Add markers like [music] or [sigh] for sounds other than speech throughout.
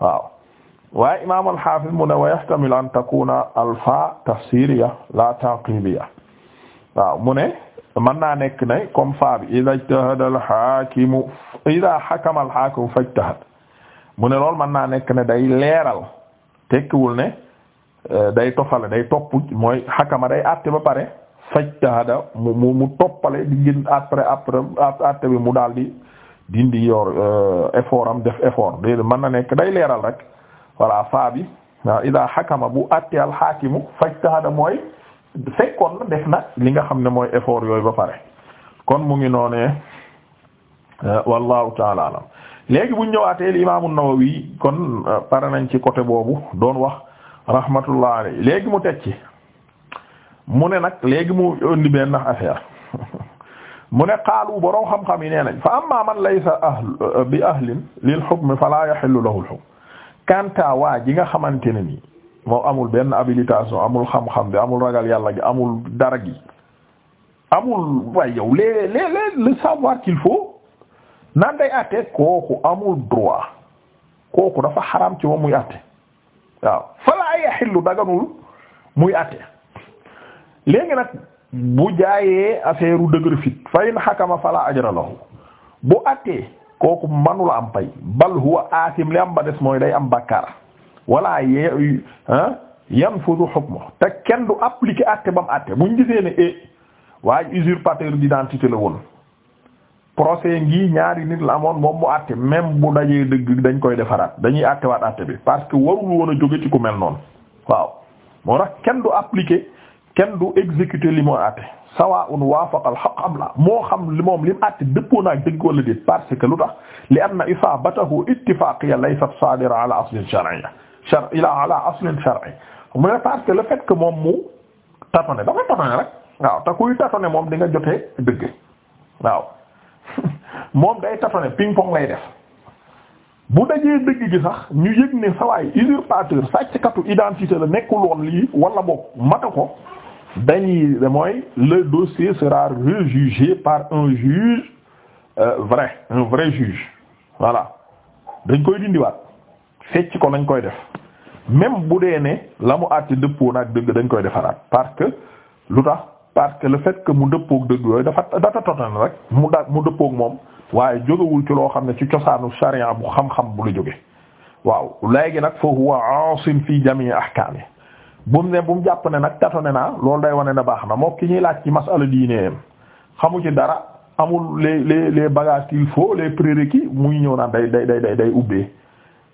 waaw waaye imaam al-Hafiz mu ne wa an takuna alfa tafsiriya la taqibiya waaw mu ne mën naa nekk ne comme fa bi idha ijtahada al-hakimu idha hakama al mu ne lool mën naa nekk ne day leeral tekkiwul ne euh, day toppale day topp mooy hakama day àtte ba pare fajtahada mu mu toppale di gën après après àtte bi mu daal di dindi yor euh, effort am def effort déedéet mën na nekk day leeral rek voilà faa bi waaw ah, ida xakama bu àttee alxaakimu fajtahada mooy fekkoon na def na li nga xam ne mooy effort yooyu ba pare kon mu ngi noonee euh, wallahu taala léegi buñ ñëwaatee li imaamu Nawawi kon euh, pare nañ ci côté boobu doon wax rahmatullah alayhi léegi mu teg ci mu ne nag léegi mu indi benn affaire mu ne qaalu borom xam-xam yi nee nañ fa amma man laysa ahl euh, bi lil hukm fala yahillu lahu al hukm nga xamante ne ni amul benn habilitation amul xam-xam bi amul ragal yàlla gi amul dara gi amul waaye yow les les les le savoir qu'il faut day àtte kooku amul droit kooku dafa xaram ci moom muy àtte waaw fala yahillu daganul muy àtte bu jaayee affaire u dëgër fit fa in xakama fala ajra lahu bu attee kooku manula am pay bal huwa aasim li am ba des mooy day am bàkkaar wala ye yanfudu hukmu te kenn du appliquer atte ba mu atte buñ gisee ne e eh, waaye usurpateur d'identité la woon procès ngi ñaari nit la amoon moom mu àtte même bu dajee dëgg dañ koy defaraat dañuy àttewaat àtte bi parce que warul woon a jóge ci ku mel noonu waaw moo tax kenn du appliquer kenn du exécuter li moo àtte sawaa'un waafaqa al-haqq am la moo xam li moom li mu àtte dëppoo naag dëgg wala déet parce que lu tax li anna isaabatahu ittifaaqiyya laysat saadira ala aslin shar'iyya shar ila aslin shar'i mu ne parce que le fait que moom mu tatone dafa tatone rek waaw te kuy tatone moom di nga jotee dëgg waaw [laughs] moom day tatone ping pong lay def bu dajee dëgg gi sax ñu yëg ne sawaay usurpateur sàcckatu identité la nekkul woon lii wala boo mata ko dañuy mooy le dossier sera rejugé par un juge euh, vrai un vrai juge voilà dañ koy dindiwaat fecc ko lañ koy def même bu dee ne la mu àtti dëppoo ak dëgg dañ koy defaraat parce que lu tax parce que le fait que mu dëppook dëgg yooyu dafa dafa total rek mu da mu dëppook moom waaye jógewul ci loo xam ne ci cosaanu sharia bu xam-xam bu la jóge waaw léegi nag foofu huwa aasim fi jamii ahkaami bu mu ne bu mu jàpp ne nag tatone naa loolu day wane na baax na moo ki ñuy laaj ci masala diineem xamu ci dara amul les les les bagages qu'il faut les prérequis muy ñëw naan day day day day ubbee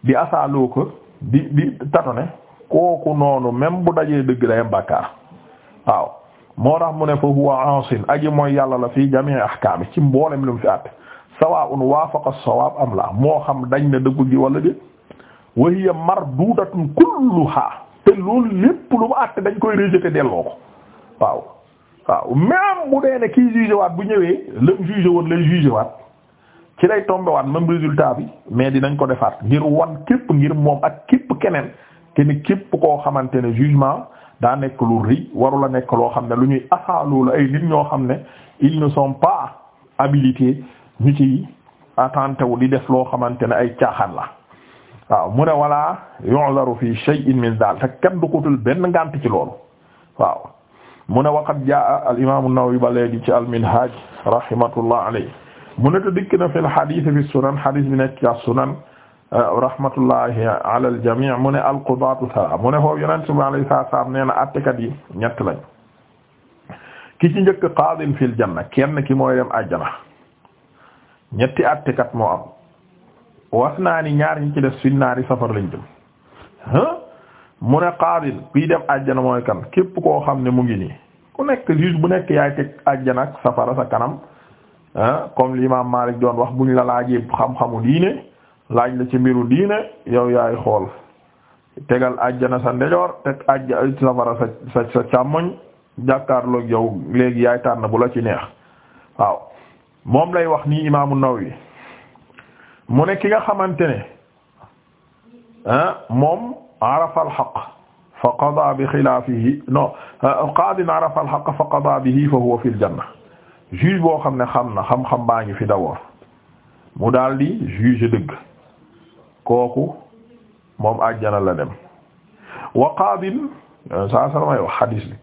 di asaaloo ko di di tatone kooku noonu même bu dajee dëgg dayam bàkkaar waaw moo tax mu ne fa huwa ansin aji mooy yàlla la fii jamii ahkaami ci mboolem lu mu fi àtte sawaa'un waafaqa sawaab am la moo xam dañ na dëggu gi wala déet wa hiya mardudatun kulluha te loolu lépp lu mu àtte dañ koy rejeter delloo ko waaw waaw même bu dee ne kii jugé bu ñëwee lëm jugé woon lay jugé waat ci lay tombé waat même résultat bi mais dinañ ko defaat ngir wan képp ngir moom ak képp keneen te ni képp koo xamante ne jugement daa nekk lu rëy warul a nekk loo xam ne lu ñuy asaalu la ay nit ñoo xam ne ils ne sont pas habilités ñu ci attente wu di def loo xamante ne ay caaxaan la waaw mu ne wala yu'zaru fi shay'in min daal te kenn du kutul benn ngànt ci loolu waaw mu ne waqad jaa al imam an-Nawawi ba léegi ci al-Minhaj rahmatullah alayhi mu ne te dikk na fil hadith fi sunan hadith bi nekk ci sunan euh, rahmatullahi ala al-jami' mu ne al-qudatu sala mu ne foofu yonent bi alayhi salaam nee na attekat yi ñett lañ ki ci njëkk qaadin fil janna kenn ki mooy dem àjjana ñetti attekat moo am was naa ni ñaar ñi ci def fi naari safar lañ jëm mu ne qaadil kuy dem àjjana mooy kan képp koo xam ne mu ngi nii ku nekk juge bu nekk yaay teg àjjana sa kanam comme l'imam Malik doon wax buñ la laajee xam-xamu diine laaj la ci mbiru diine yow yaay xool tegal àjjana sa ndejoor teg àjj safara sa sa sa càmmoñ jàkkaarloog yow léegi yaay tànn bu la ci neex waaw moom lay wax nii imaamu yi mu ne ki nga xamante ne ah, moom arafa alxaq fa qada bi xilaafihi non ah, qaadin arafa alxaq fa qada bihi fa huwa fil janna juge boo xam ne xam na xam-xam baa ngi fi d'abord mu daal di dëgg kooku moom àjjana la dem wa qaadin saa salamay wax xadiis bi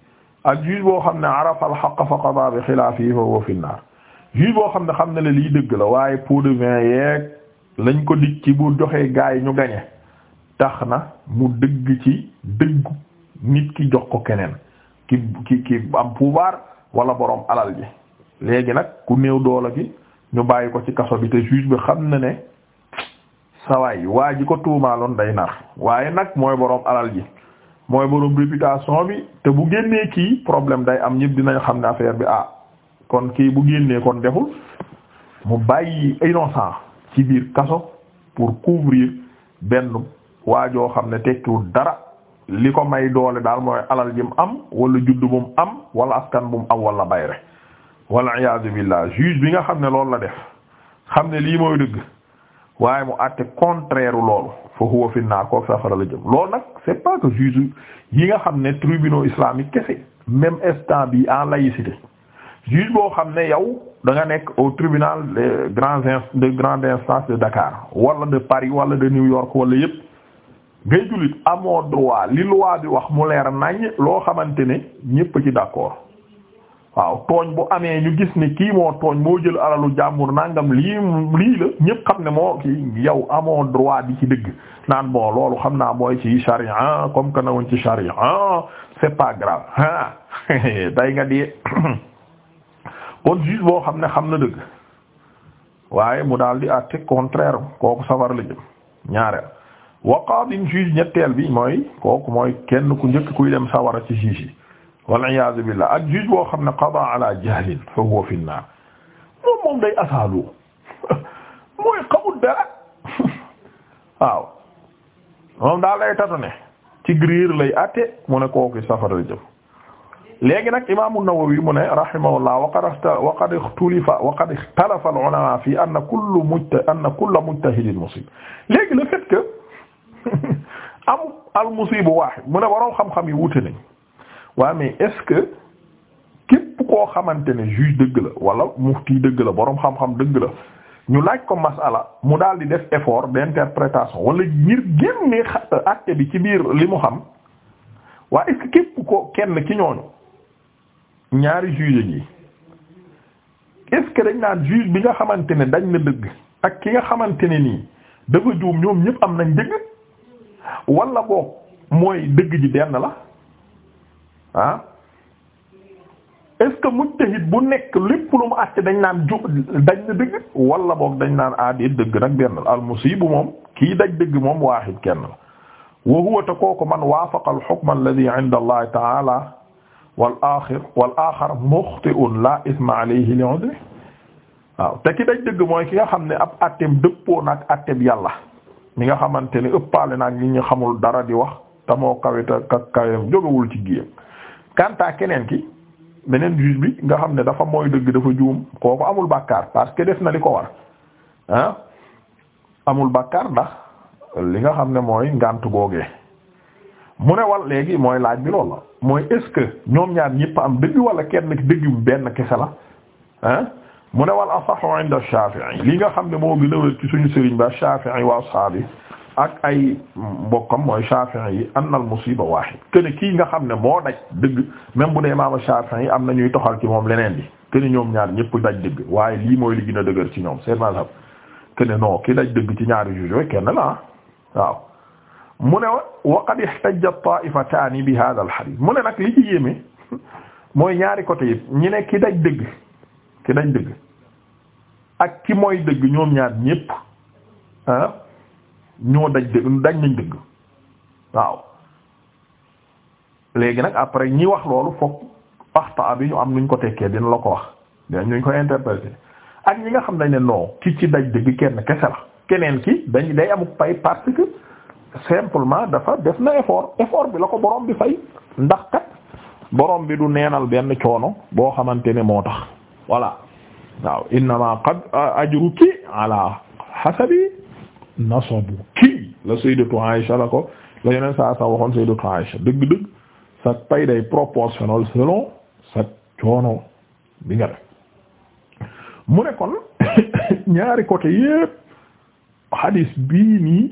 ak juge boo xam ne arafa alxaq fa qada bi xilaafihi fa huwa fin naar juge boo xam ne xam na le lii dëgg la waaye pot de vin yeeg lañ ko dig ci buur joxee gaa yi ñu gañe tax na mu dëgg ci dëggu nit ki jox ko keneen ki ki ki am pouvoir wala borom alal ji léegi nag ku néew doole bi ñu bàyyi ko ci kaso bi te juge bi xam na ne sawaay waa ji ko tuumaaloon day nar waaye nag mooy boroom alal ji mooy borom réputation bi te bu génnee kii problème day am ñëpp dinañ xam ne affaire bi ah kon kii bu génnee kon deful mu bàyyi innocent ci biir kaso pour couvrir benn waajoo xam ne tekkiwul dara li ko may doole daal mooy alal jim am wala juddu bu mu am wala askan bu mu am wala bayre wala iyaazu billah juge bi nga xam ne loolu la def xam ne lii mooy dëgg waaye mu àtte contraire loolu fa huwa fi naar koo la jëm lool nag c'est pas que juge yi nga xam ne tribunaux islamiques kese même instant bi en laïcité juge boo xam ne yow da nga nekk au tribunal de grand de grande instance de Dakar wala de Paris wala de New York wala yépp ngay jullit amoo droit li loi bi wax mu leer nañ loo xamante ne ñépp ci d'accord waaw tooñ bu amee ñu gis ni kii moo tooñ moo jël alalu jàmbur nangam lii lii la ñépp xam ne moo kii yow amoo droit di ci dëgg naan bon loolu xam naa mooy ci charia comme que na woon ci charia c'est pas grave ah [laughs] tey nga di kon juge boo xam ne xam na dëgg waaye mu daal di àtte contraire kooku safara la jëm ñaareel wa qaadin juge ñetteel bi mooy kooku mooy kenn ku njëkk kuy dem sawara ci juge yi wal iyaazu ak juge boo xam ne qada ala jahlin fa huwa fi naar moom moom day asaalu [laughs] mooy xamul dara [laughs] waaw moom daal day tatu ne ci lay àtte mu ne kooku safara la jëm léegi nag imaamu Nawawi mu ne rahimahullah wa qad ixtulifa wa qad ixtalafa al-ulamaa fi anna kullu mujtahid anna kulla mujtahidin musib léegi le fait que [laughs] am al-musibu waahid mu ne waroon xam-xam yi wute nañ waaye mais est-ce que képp koo xamante ni juge dëgg la wala mufti dëgg la boroom xam-xam dëgg la ñu laaj ko masala mu daal di def effort d'interprétation wala ngir génne acte bi ci biir li mu xam waa est-ce képp ko kenn ki ñooñu. ñaari juge yi est-ce que dañ naan juge bi nga xamante ne dañ na dëgg ak ki nga xamante ne nii dafa juum ñoom ñëpp am nañ dëgg wala boog mooy dëgg ji benn la ah est-ce que bu nekk lépp lu mu àtte dañ naan ju dañ na dëgg wala boog dañ naan aadi ah, dëgg nag benn la al musibu moom kii daj dëgg moom waahid kenn la wa huwa ta man waafaqa al hukm alladhi 'inda Allah ta'ala wal axir wal axar muxti'un la isma alayhi li udri waaw te ki daj dëgg mooy ki nga xam ne ab atteem dëppoo nag atteem yàlla mi nga xamante ne ëppaale nag ñi ñu xamul dara di wax te moo kawita ka kawem jógawul ci géyam kanta keneen ki beneen juge bi nga xam ne dafa mooy dëgg dafa juum kooku amul bàkkaar parce que def na li ko war ah amul bàkkaar ndax li nga xam ne mooy ngànt googee mu ne wal léegi mooy laaj bi loolu la mooy est-ce que ñoom ñaar ñëpp am dëgg wala kenn dëgg bu benn kese la ah mu ne wal asahu inda Shafi'i li nga xam ne moo gën a wér ci suñu sëriñ ba Shafi'i wa ashaabi ak ay mbokkam mooy Shafi'i yi anna al musiba wahid kene kii nga xam ne moo daj dëgg même bu dee imaam Shafi'i yi am na ñuy toxal ci moom leneen bi kene ñoom ñaar ñëpp daj dëgg waaye lii mooy li gën a dëgër ci ñoom seen mazhab kene non ki daj dëgg ci ñaari juge kenn la waaw mu ne wa qad ihtajja taa'ifataani bi haadha al-hadiis mu ne nag li ci yéeme [laughs] mooy ñaari côté yi ñi ne ki daj dëgg ki daj dëgg ak ki mooy dëgg ñoom ñaar ñépp ah ñoo daj dëgg daj nañ dëgg waaw léegi nag après ñi wax loolu fokk axta bi ñu am nuñ ko tekkee dina la ko wax dina ñu ko interpréter ak ñi nga xam dañ ne non ki ci daj dëgg kenn kese la keneen ki dañ day amuk pay parce simplement dafa def na effort effort bi la ko borom bi fay ndax kat borom bi du neenal benn coono boo xamante ne moo tax voilà waaw innama qad ajruki ala hasabi nasabuki la sayyidatu Aisha la ko la yeneen saa sa waxoon sayyidatu Aisha dëgg-dëgg sa pay day proportionnel sa coono bi nga def mu ne kon [coughs] ñaari côté yépp hadis bii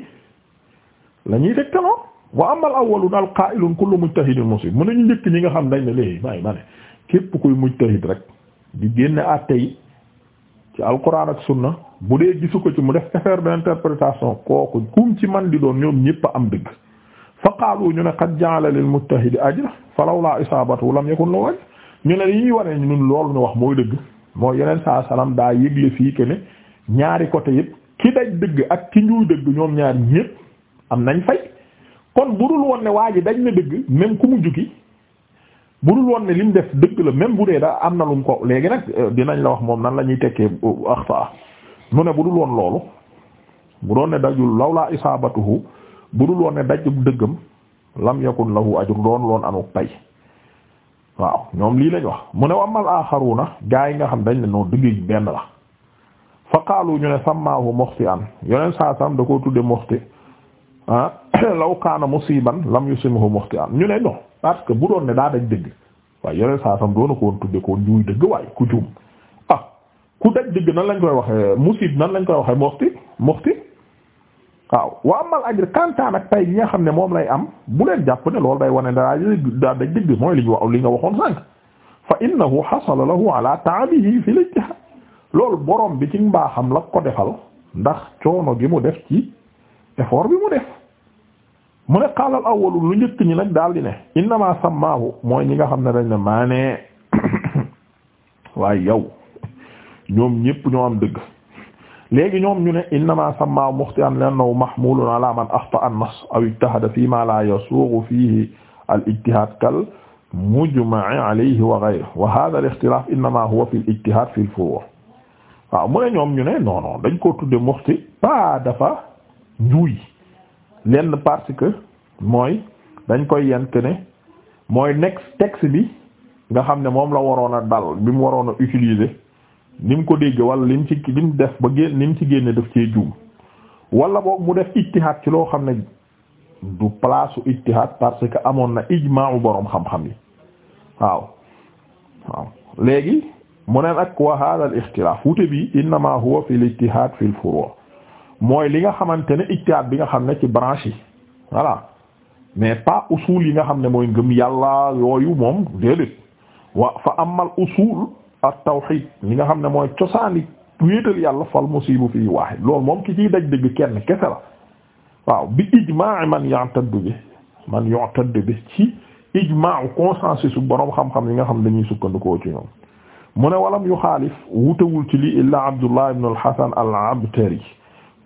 la ñuy tegtaloo wa amal awwalu daal qaa'ilun kullu mujtahidin musib mu ne ñu njëkk ñi nga xam dañ ne léegi may mane képp kuy mujtahid rek di génne àtte yi ci alquran ak sunna bu dee gisu ko ci mu def affaire d'interprétation kooku kum ci man di doon ñoom ñëpp a am dëgg fa qaalu ñu ne qad ja'ala lil mujtahidi ajra fa lawlaa isaabatu lam yakun lahu ajr ñu ne li ñuy wane ñun loolu ñu wax mooy dëgg moo yeneen saa salaam daa yëgle fii que ne ñaari côté yëpp ki daj dëgg ak ki ñuy dëgg ñoom ñaar ñëpp am nañ fay kon bu dul woon ne waa ji dañ na dëgg même ku mu jukki bu dul woon ne li def dëgg la même bu dee da am na lum ko léegi nag euh, dinañ la wax moom nan la ñuy tekkee euh, axta mu ne bu dul woon loolu bu doon ne dajul lawlaa isaabatuhu bu dul woon ne dajub dëggam lam la lahu ajur doon loon amuk pay waaw ñoom lii lañ wax mu ne amal aaxaruna gaa yi nga xam dañ ne noo dëgg benn la fa qaalu ñu ne sàmmaahu muxti an yoneen saa sam da koo tudde muxti ah [clears throat] law kaana musiban lam yusimhu muxtian ñu ne non parce que bu doon ne daa dañ dëgg waaye yeneen saa sam doona ko woon tudde ko njuuy dëgg waaye ku juum ah ku daj dëgg nan lañ koy waxee musib nan lañ koy waxee muxti muxti waaw wa amal ajr kantaan ak pay yi nga xam ne moom lay am bu leen jàpp ne lool day wane daa daa daj dëgg mooy li ñu li nga waxoon sànq fa innahu xasala lahu ala taabihi fi lijtihaad loolu borom bi ci mbaaxam la ko defal ndax coono gi mu def mu ne xaalal awwalu lu njëkk ñi nag daal di ne innama sammaahu mooy ñi nga xam ne dañ ne maa ne [coughs] waaye yow ñoom ñépp ñoo am dëgg léegi ñoom ñu ne innama sammaahu muxtian lannahu mahmulun ala man axta an nas aw ijtahada fi ma la yasuugu fihi al ijtihad kal mujma'i alayhi wa ghayrihi wa hadha al ixtilaaf innama huwa fi al ijtihad fi al furu' waaw mu ne ñoom ñu ne non non dañ ko tudde muxti ba dafa njuuy lenn parce que mooy dañ koy yent ne mooy next texte bi nga xam ne moom la waroon dal bi mu waroon a utiliser ni mu ko dégg wala li mu ci li mu def ba génn ni mu ci génne daf cee juum wala boog mu def ijtihaad ci loo xam ne du place u parce que amoon na ijmaa'u boroom xam-xam yi waaw waaw léegi mu neen ak wa ixtilaaf wute bi innamaa huwa fi al ijtihaad fi al mooy li nga xamante ne ijtihaad bi nga xam ne ci branche yi voilà mais pas usul yi nga xam ne mooy ngëm yàlla yooyu moom déedéet wa fa amal usul ak tawhid li nga xam ne mooy cosaani wéetal yàlla fal musibu fii waahid loolu moom ki ciy daj dëgg kenn kese la waaw bi ijmaa man yu'taddu bi man yu'taddu bi ci ijmaa consensus su boroom yi nga xam dañuy sukkandikoo ci ñoom mu ne walam yu xaalif wutewul ci li illaa Abdullah ibn al-Hasan al-Abtari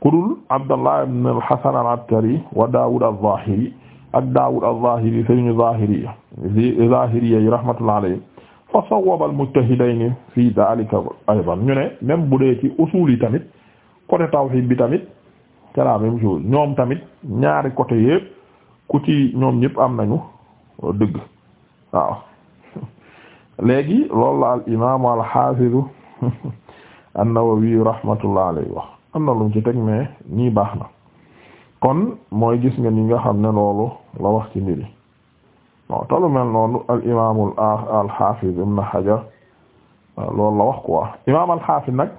kudul Abdallah ibn al-Hasan al-Abtari wa Daawud al-Zahiri ak Daawud al-Zahiri sëriñu Zahiri yi Zahiri yi rahmatullah alayhi fa sawwaba al-mujtahidayni fi daalika aydan ñu ne même bu dee ci usul tamit côté tawhid bi tamit c'est la même ñoom tamit ñaari côté yëpp ku ci ñoom ñëpp am nañu dëgg waaw léegi loolu la al-imaam al-Haafiz rahmatullah alayhi wax am na lu ci teg mais nii baax na kon mooy gis nga ni nga xam ne loolu la wax ci mbiri bon talu mel noonu al imaamul al xaafiz ibn Hajar loolu la wax quoi imaam al xaafiz nag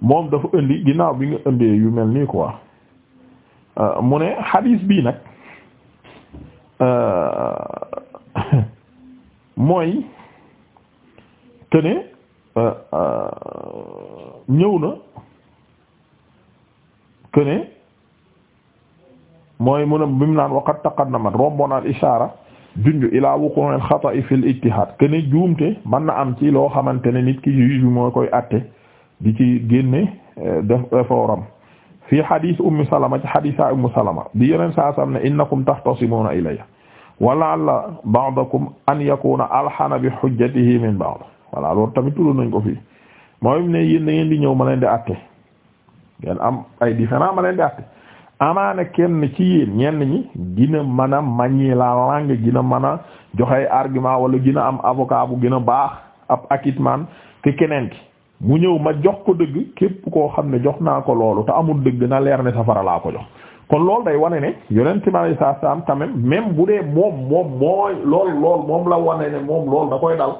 moom dafa indi ginnaaw bi nga indee yu mel nii quoi euh, mu ne xadiis bii nag euh, [laughs] mooy këne Euh, ñëw na que ne mooy mu ne bi mu naan waqad taqaddamat rombon al ishaara junj ilaa wuqu'il xata'i fil ijtihaad que ne juumte mën na am ci loo xamante ne nit ki juge bi moo koy atte di ci génne euh, def effort fii hadith salama ci hadith ummi salama bi yeneen saa sam ne innakum taxtasimuuna ilayya wa la'alla ba'dakum an yakuuna alhana bi hujjatihi min ba'd voilà loolu tamit tudd nañ ko fii mooy ne yéen da di ñëw ma leen di àtte ngeen am ay différent ma leen di àtte amaana kenn ci yéen ñenn ñi dina mën a manier la langue dina mën a argument wala gina am avocat bu gën a baax ab acquittement te keneen ki mu ñëw ma jox ko dëgg képp koo xam ne jox naa ko loolu te amul dëgg na leer ne safara laa ko jox. kon loolu day wane ne yonent mi saa saa am tamit même bu dee moom moom mooy lool lool moom la wane ne moom koy dal.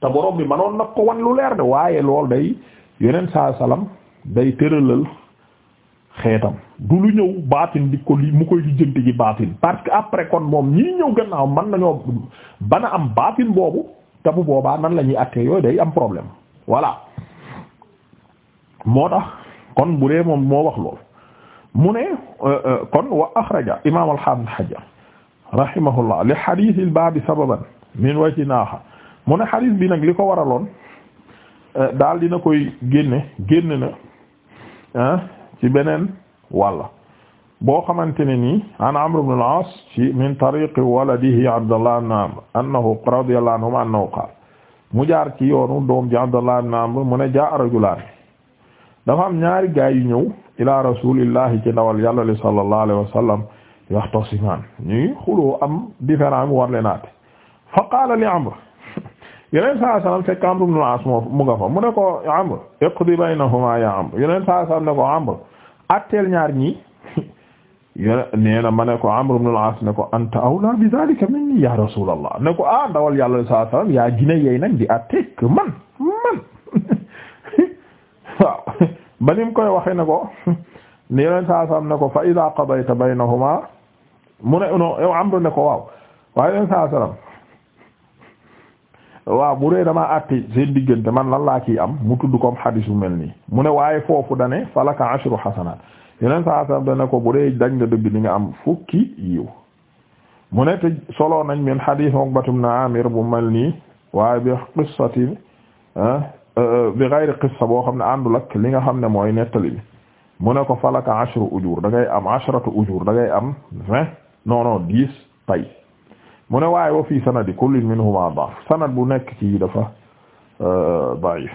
te borom bi manoon nag ko wan lu leer de waaye lool day yeneen sa salam day tëralal xeetam du lu ñëw baatin di ko li mu koy lijjanti ji baatin parce que après kon moom ñii ñëw gannaaw man nañoo bana am baatin boobu te bu boobaa nan la ñuy attee yooyu day am problème voilà moo tax kon bu dee moom moo wax lool mu ne euh, euh, kon wa axraja imam al-hafiz Hajar rahimahullah li hadith al-bab sababan min wajhin akhar mu ne xadiis bi nag li ko waraloon eh, daal na koy génne génn na ah, ci beneen walla boo xamante ne nii an Amr ibn al-As ci min tariqi waladihi Abdallah ibn Amr annahu radiyallahu mu jaar ci yoonu doom ji Abdallah jaa rajulaan dafa am ñaari gaay yu ñëw ila rasulillahi ci ndawal yàlla li sallallahu alayhi wa sallam yaxtasimaan ñuy am différent fa qaala li Amr yeneen saa salaam fekk Amr ibn al-As mu nga fa mu ne ko Amr iqdi baynahuma ya Amr yeneen saa salaam ne ko Amr atteel ñaar ñi [laughs] nee na ma ne ko Amr ibn al-As ne ko anta awla bi dhalika minni ya Rasulallah ne ko ah ndawal yàlla saa salaam yaa gina yey nag di atteek man man [laughs] [laughs] ba ni koy waxee ne ko yeneen saa salaam ne ko fa idha qadayta baynahuma mu ne no Amr ne ko waaw waaye yeneen saa salaam waaw bu dee damaa àtte seen diggante man lan laa ciy am mu tudd comme xadis bu mel ni mu ne waaye foofu dane falaka ashru xasanaat yeneen saa saa dane ko bu dee dañ la dëgg di nga am fukki yiw mu ne te solo nañ min xadis Uqbatu ibn Amir bu mel nii waaye bi qissati ah, eh, eh, bi gayri qissa boo xam ne àndul ak li nga xam ne mooy nettali mu ne ko falaka ashru ujur da ngay am ashratu ujur da ngay am vingt non non dix pay mu ne waaye wa fii sanadi kullin minhuma baax sanad bu nekk ci dafa euh, da'if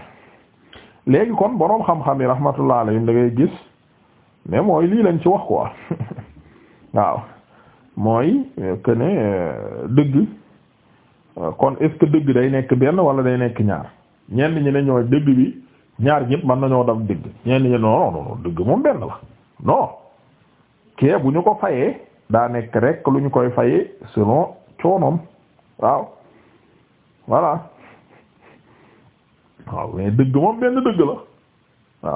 léegi kon boroom xam-xam yi rahmatullah alayhim da ngay gis mais mooy lii lañ ci wax quoi [laughs] waaw mooy que euh, dëgg euh, kon est dëgg day nekk benn wala day nekk ñaar ñenn ñi ne ñooy dëgg bi ñaar ñëpp mën nañoo daf dëgg ñenn ñi non non non dëgg moom benn la non kee bu ñu ko fayee daa nekk rek lu ñu koy fayee selon coonoom waaw voilà waaw dëgg moom benn dëgg la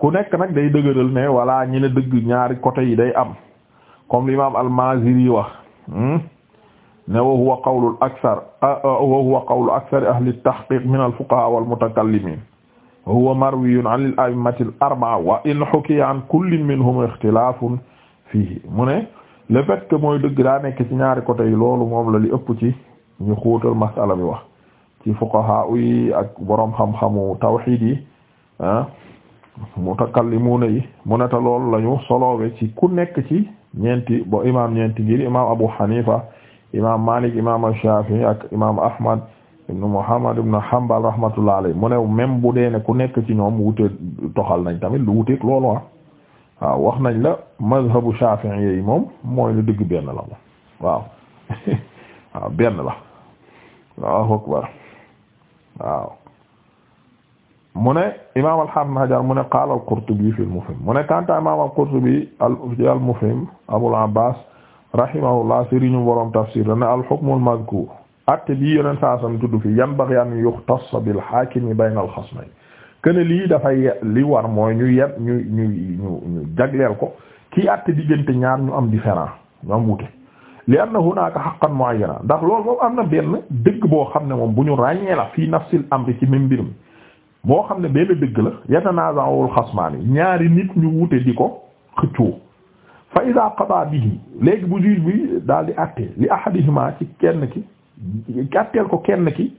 ku nekk nag day dëgëral ne voilà ñi dëgg ñaari côté yi day am comme l'imam al-Maziri wax hmm? ne wa huwa qawlul akthar wa huwa qawlu akthar ahli at min al-fuqaha wal-mutakallimin wa an al-a'immati wa in hukiya an kullin minhum ikhtilafun fihi le fait mooy dëgg daa nekk ci ñaari ko yi loolu moom la li ëpp ci ñu xuutal masala bi wax ci fuqaha yi ak boroom xam-xamu tawxiid yi ah mutakallimuna yi mu neta lool lañu soloowe ci ku nekk ci ñeenti bo imam ñeenti ngir imam Abu Hanifa imam Malik imam Shafi'i ak imam Ahmad ibn Muhammad ibn Hanbal rahmatullah alayhi mu ne même bu dee ne ku nekk ci ñoom wute toxal nañ tamit lu wuteek loolu ah waaw wax nañ la mazhabu Shafi'i yi moom mooy lu dëgg benn la moom waaw [laughs] waaw benn la Allahu akbar waaw mu ne imaam al-Hafiz Hajar mu ne qaala al-Qurtubi fi al-Mufhim mu ne kanta imaam al-Qurtubi fi al-Mufhim Abul Abbas rahimahullah sëriñu borom tafsir dane al-hukm al-mazkur atte bi yeneen saasam tudd fi yanbaghi an yukhtass bil-hakim bayna al-khasmayn ne lii dafay li war mooy ñu yem ñu ñu ñu ñu jagleel ko kii àtte diggante ñaar ñu am différent ñu am wute li anna hunaaka haqqan mu'ayyana ndax lool moom am na benn dëgg boo xam ne moom bu ñu ràññee la fi nafsil amri ci même mbir mi boo xam ne benn dëgg la yatanaaza'ul xasmaani ñaari nit ñu wute di ko xëccoo fa idaa qadaa bihi léegi bu juge bi daal di àtte li ahadihima ci kenn ki àtteel ko kenn ki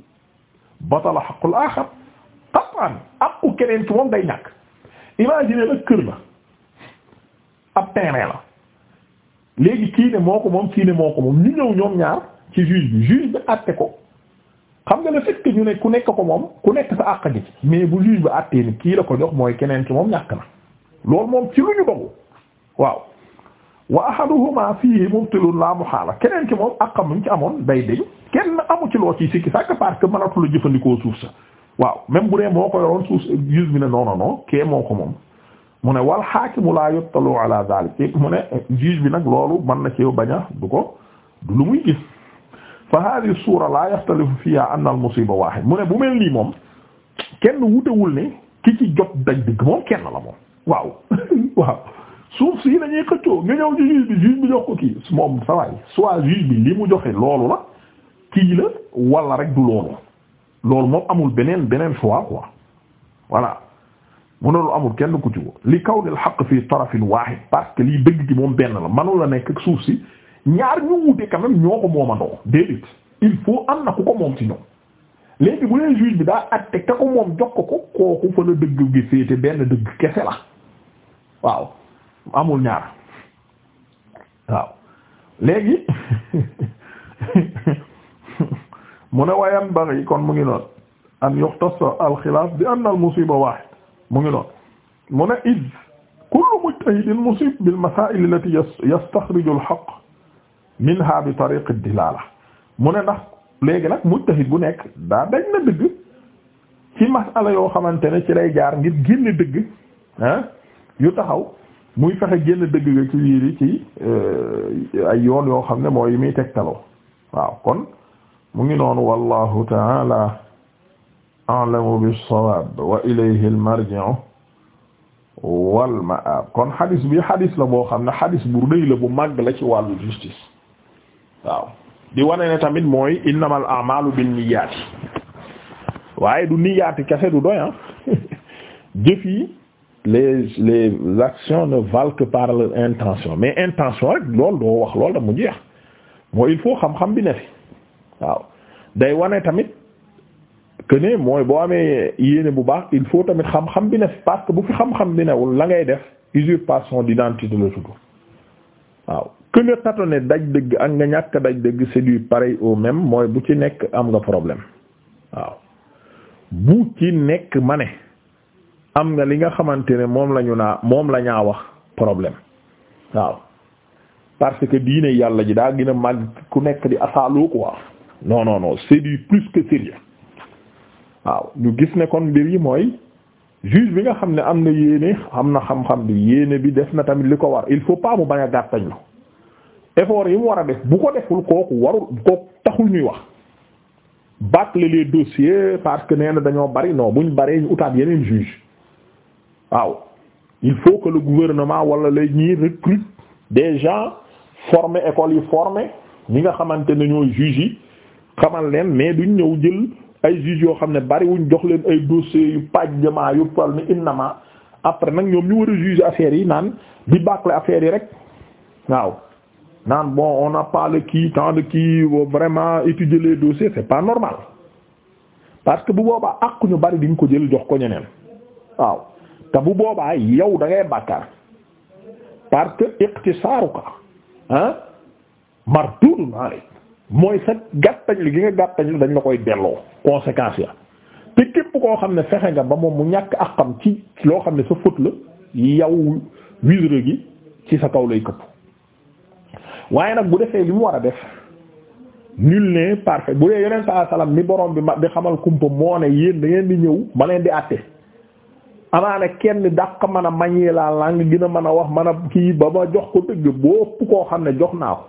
batala haqqul aaxar xaqan àqu keneen ci moom day ñàkk imagine la kër la ab terrain la léegi kii ne moo ko moom kii moo ko moom ñu ñëw ñoom ñaar ci juge bi juge bi àtte ko xam nga le fait que ñu ne ku nekk ko moom ku nekk sa àq ji mais bu juge bi àttee ni kii la ko jox mooy keneen ki moom ñàkk na loolu moom ci lu ñu dogu waaw wa ahaduhuma fihi mubtilun la muhala keneen ki moom àqam mu ci amoon day deñ kenn amu ci loo ciy sikki sàkk parce que mënatu la jëfandikoo suuf sa waaw même bu ne moo ko yoroon suuf jus bi ne non non non kee moo ko moom mu ne wal xaakimu laa yuttalu ala zalik mu ne bi nag loolu mën na ci bañ du ko du lu muy gis fa hadhihi suura laa yaxtalifu fiha anna al musiba wahid mu ne bu mel nii moom kenn wutewul ne ki ci jot daj dëgg moom kenn la moom waaw [laughs] waaw suuf si dañuy xëccoo nga ñëw ci juge bi moom sawaay soit juge li mu joxe loolu la kii la wala rek du loolu loolu moom amul beneen beneen choix quoi voilà mu ne lu amul kenn ku ci woo li kaw nil xaq fii tarafin waahid parce que lii dëgg gi moom benn la manu la nekk ak suuf si ñaar ñu wute quand même ñoo ko moomandoo déedéet il faut am na ku ko moom ci ñoom léegi bu leen juge bi daa atte ka ko moom jox ko kooku fa la dëgg gi féete benn dëgg kese la waaw amul ñaar waaw léegi [laughs] mu ne wa yi kon mu ngi noonu an yuxtassa al-xilaaf bi anna al-musiiba waahid mu ngi noonu mu ne id kullu mujtahidin musib bil masaa'il allati yastaxriju al-haqq minha bi tariq ad-dilaala mu ne ndax léegi nag mujtahid bu nekk daa dañ na dëgg ci masala yoo xamante ne ci lay jaar ngir génn dëgg ah yu taxaw muy fexe génn dëgg nga ci wiiri ci euh, ay yoon yoo xam ne mooy muy tegtaloo waaw kon mu ngi noonu wallahu ta'ala a'lamu bis-sawab wa ilayhi al-marji'u wal ma'ab kon xadis bi xadis la boo xam ne xadis bu rëy la bu màgg la ci wàllu justice waaw di wane ne tamit mooy innamal a'malu binniyaati waaye du niyaati kese du doy ah [laughs] jëf yi les les actions ne valent que par leur intention mais intention rek loolu doo wax loolu da mu jeex mooy il faut xam-xam bi ne waaw day wane tamit que mooy boo amee yéene bu baax il faut tamit xam-xam bi ne parce que bu fi xam-xam bi newul la ngay def usurpation d'identité la tudd waaw que nga tatone daj dëgg ak nga ñàkk daj dëgg c'est du pareil au même mooy bu ci nekk am nga problème waaw bu ci nekk ma ne am nga li nga xamante ne moom lañu ñu naa moom lañaa wax problème waaw parce que diine yàlla ji daal gina a ku nekk di asaaloo quoi non non non c'est du plus que sérieux waaw ñu gis ne kon mbir yi mooy juge bi nga xam ne am na yéene am na xam-xam bi yéene bi def na tamit li ko war il faut pas mu bañ a gàttañ la effort yi mu war a def bu ko deful kooku warul kooku taxul ñuy wax bâcler les dossiers parce que nee na dañoo bari non buñ baree ñu utaat yeneen juge waaw il faut que le gouvernement wala la ñuy recrute des gens formés écoles yi formés ñi nga xamante ne ñooy juges yi xamal leen mais duñ ñëw jël ay juge yoo xam ne bari wuñ jox leen ay dossiers yu pajjamaa yu fal ni innama après nag ñoom ñu war a juger affaires yi naan di bâcler affaires yi rek waaw naan bon on n'a pas le kii tant de kii vraiment étudier les dossiers c'est pas normal parce que bu boobaa àqu ñu bari diñ ko jël jox ko ñeneen waaw te bu boobaa yow da ngay bàkkaar parce que iqtisaaruka ah mardudun alayk mooy sa gàttañ li gi nga gàttañ li dañ la koy delloo conséquence ya te képp koo xam ne fexe nga ba moom mu ñàkk akam ci loo xam ne sa faute la yow wisre gi ci sa kaw lay këpp waaye nag bu defee li mu war a def nul n'est parfait bu dee yeneen saa salaam mi borom bi xamal kumpa moo ne yéen da di ñëw ma leen di àtte amaana kenn daq mën a mañee la laa gën a mën a wax mën a kii ba ma jox ko dëgg boo ëpp koo xam ne jox naa ko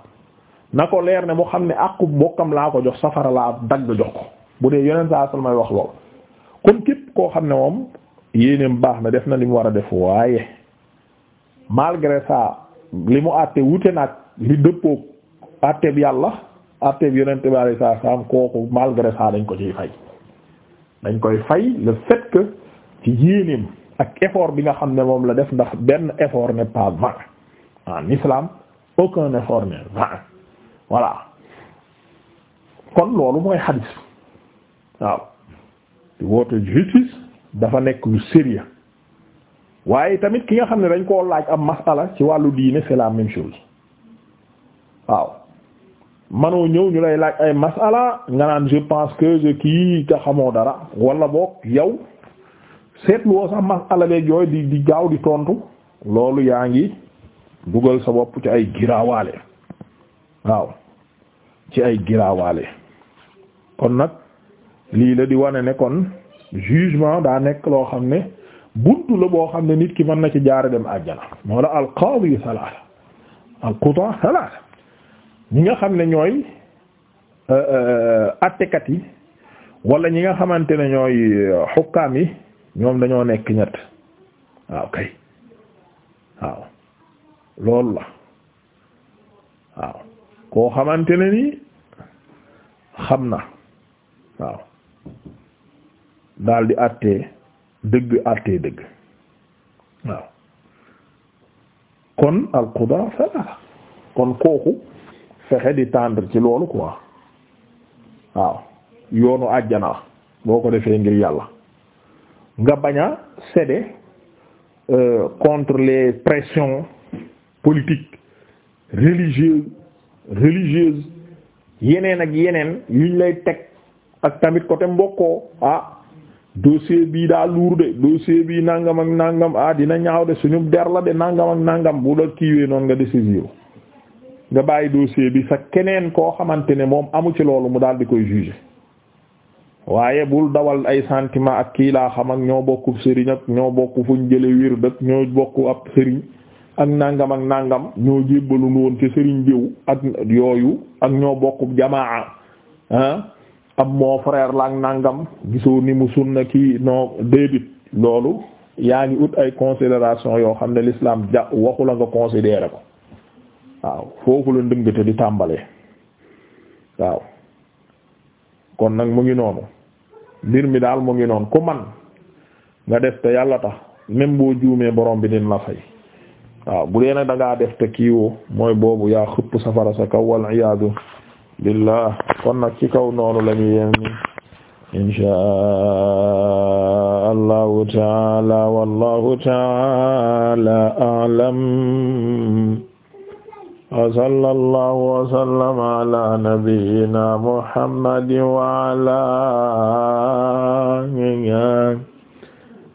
na ko leer ne mu xam ne àqu mbokkam laa ko jox safara laa dagg jox ko bu dee yonent saa sal may wax lool kon képp koo xam ne moom yéeneem baax na def na li mu war a def waaye malgré ça li mu àtte wute nag li dëppook àtteeb yàlla àtteeb yonent bi alayhi salaam kooku malgré ça dañ ko ciy fay dañ koy fay le fait que ci yéeneem ak effort bi nga xam ne moom la def ndax benn effort n'est pas vain en islam aucun effort n'est voilà kon loolu mooy xadis waaw di woote justice dafa nekk lu sérieux waaye tamit ki nga xam ne dañ koo laaj am masala ci wàllu diine c'est la même chose waaw manoo ñëw ñu lay laaj ay masala nga naan je pense que je kii te xamoo dara wala boog yow seetluwoo sax masala beeg yooyu di di gaaw di tontu loolu yaa ngi dugal sa bopp ci ay giraawaale waaw ci ay giraawaale kon nag lii la di wane ne kon jugement daa nekk loo xam ne buntu la boo xam ne nit ki mën na ci jaare dem àjjana moo la al qaadi salaata al qutaa salaata ñi nga xam ne ñooy euh, euh, attekat yi wala ñi nga xamante ne ñooy euh, xukkaam yi ñoom dañoo nekk ñett waaw kay waaw loolu la waaw koo xamante ne ni xam na waaw daal di àttee dëgg àttee dëgg waaw kon al qudaa fala kon kooku fexe di tendre ci loolu quoi waaw yoonu àjjana boo ko defee ngir yàlla nga bañ a céder euh, contre les pressions politiques religieuses religieuse yeneen ak yeneen yuñ lay teg ak tamit côté mbokkoo ah dossier bii daa luur de dossier bii nangam ak nangam ah dina ñaaw de suñu der la de nangam ak nangam bu la kiiwee noonu nga décisir nga bàyyi dossier bi sa keneen koo xamante ne moom amu ci loolu mu daal di koy juger waaye bul dawal ay sentiment ak kii laa xam ak ñoo bokku sëriñ ak ñoo bokk ñu jële wir dëkk ñoo bokk ab sëriñ ak nangam ak nangam ñoo jébbalu woon te Serigne Diw ak yooyu ak ñoo bokk jamaa ah am moo frère la ak nangam gisoo ni mu sunna kii non déedéet loolu yaa ngi ut ay considération yoo xam ne lislaam ja waxu la nga considéré ko waaw foofu la ndëngate di tàmbalee waaw kon nag mu ngi noonu mbir mi daal mu ngi noonu ku man nga def te yàlla tax même boo juumee borom bi din la fay. waaw bu dee nag da ngaa def mooy boobu yaa xëpp safara sa kaw wal iyaadu billah kon nag ci kaw noonu la ñu yem inshaa allahu taala wallahu taala a'lam wa sallallahu wa sallama ala nabiyyina muhammadin wa ala